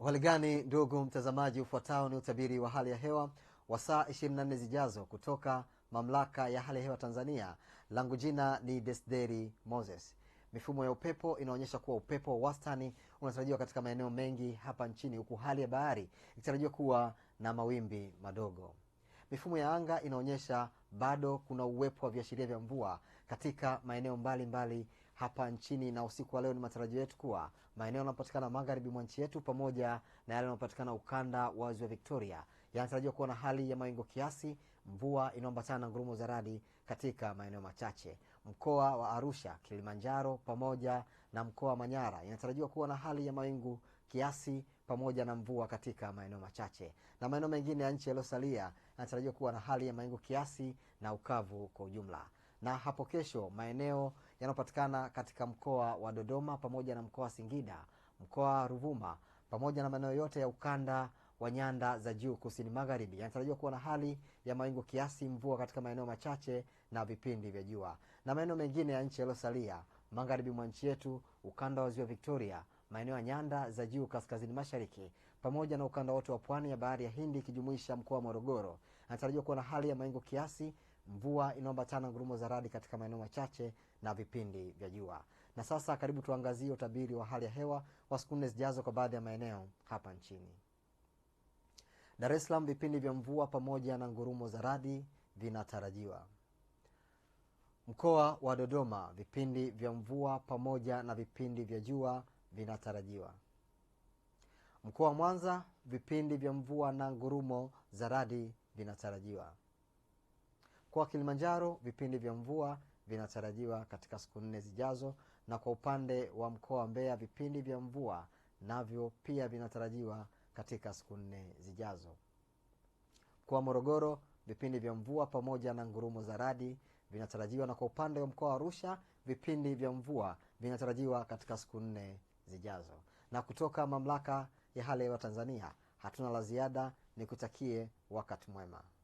uhaligani ndugu mtazamaji, ufuatao ni utabiri wa hali ya hewa wa saa 24 zijazo kutoka mamlaka ya hali ya hewa Tanzania. Langu jina ni desderi Moses. Mifumo ya upepo inaonyesha kuwa upepo wa wastani unatarajiwa katika maeneo mengi hapa nchini, huku hali ya bahari ikitarajiwa kuwa na mawimbi madogo. Mifumo ya anga inaonyesha bado kuna uwepo wa viashiria vya mvua katika maeneo mbalimbali mbali hapa nchini, na usiku wa leo ni matarajio yetu kuwa maeneo yanayopatikana magharibi mwa nchi yetu pamoja na yale yanayopatikana ukanda wa ziwa Victoria yanatarajiwa kuwa na hali ya mawingu kiasi, mvua inayoambatana na ngurumo za radi katika maeneo machache. Mkoa wa Arusha, Kilimanjaro pamoja na mkoa wa Manyara inatarajiwa kuwa na hali ya mawingu kiasi pamoja na mvua katika maeneo machache, na maeneo mengine ya nchi yaliyosalia yanatarajiwa kuwa na hali ya mawingu kiasi na ukavu kwa ujumla na hapo kesho maeneo yanayopatikana katika mkoa wa Dodoma pamoja na mkoa wa Singida, mkoa wa Ruvuma pamoja na maeneo yote ya ukanda wa nyanda za juu kusini magharibi yanatarajiwa kuwa na hali ya mawingu kiasi, mvua katika maeneo machache na vipindi vya jua. Na maeneo mengine ya nchi yaliyosalia magharibi mwa nchi yetu, ukanda wa ziwa Victoria, maeneo ya nyanda za juu kaskazini mashariki pamoja na ukanda wote wa pwani ya bahari ya Hindi ikijumuisha mkoa wa Morogoro, anatarajiwa kuwa na hali ya mawingu kiasi Mvua inaambatana ngurumo za radi katika maeneo machache na vipindi vya jua. Na sasa karibu tuangazie utabiri wa hali ya hewa wa siku nne zijazo kwa baadhi ya maeneo hapa nchini. Dar es Salaam, vipindi vya mvua pamoja na ngurumo za radi vinatarajiwa. Mkoa wa Dodoma, vipindi vya mvua pamoja na vipindi vya jua vinatarajiwa. Mkoa wa Mwanza, vipindi vya mvua na ngurumo za radi vinatarajiwa. Kwa Kilimanjaro, vipindi vya mvua vinatarajiwa katika siku nne zijazo, na kwa upande wa mkoa wa Mbeya, vipindi vya mvua navyo pia vinatarajiwa katika siku nne zijazo. kwa Morogoro, vipindi vya mvua pamoja na ngurumo za radi vinatarajiwa, na kwa upande wa mkoa wa Arusha, vipindi vya mvua vinatarajiwa katika siku nne zijazo. Na kutoka mamlaka ya hali ya hewa Tanzania hatuna la ziada, nikutakie wakati mwema.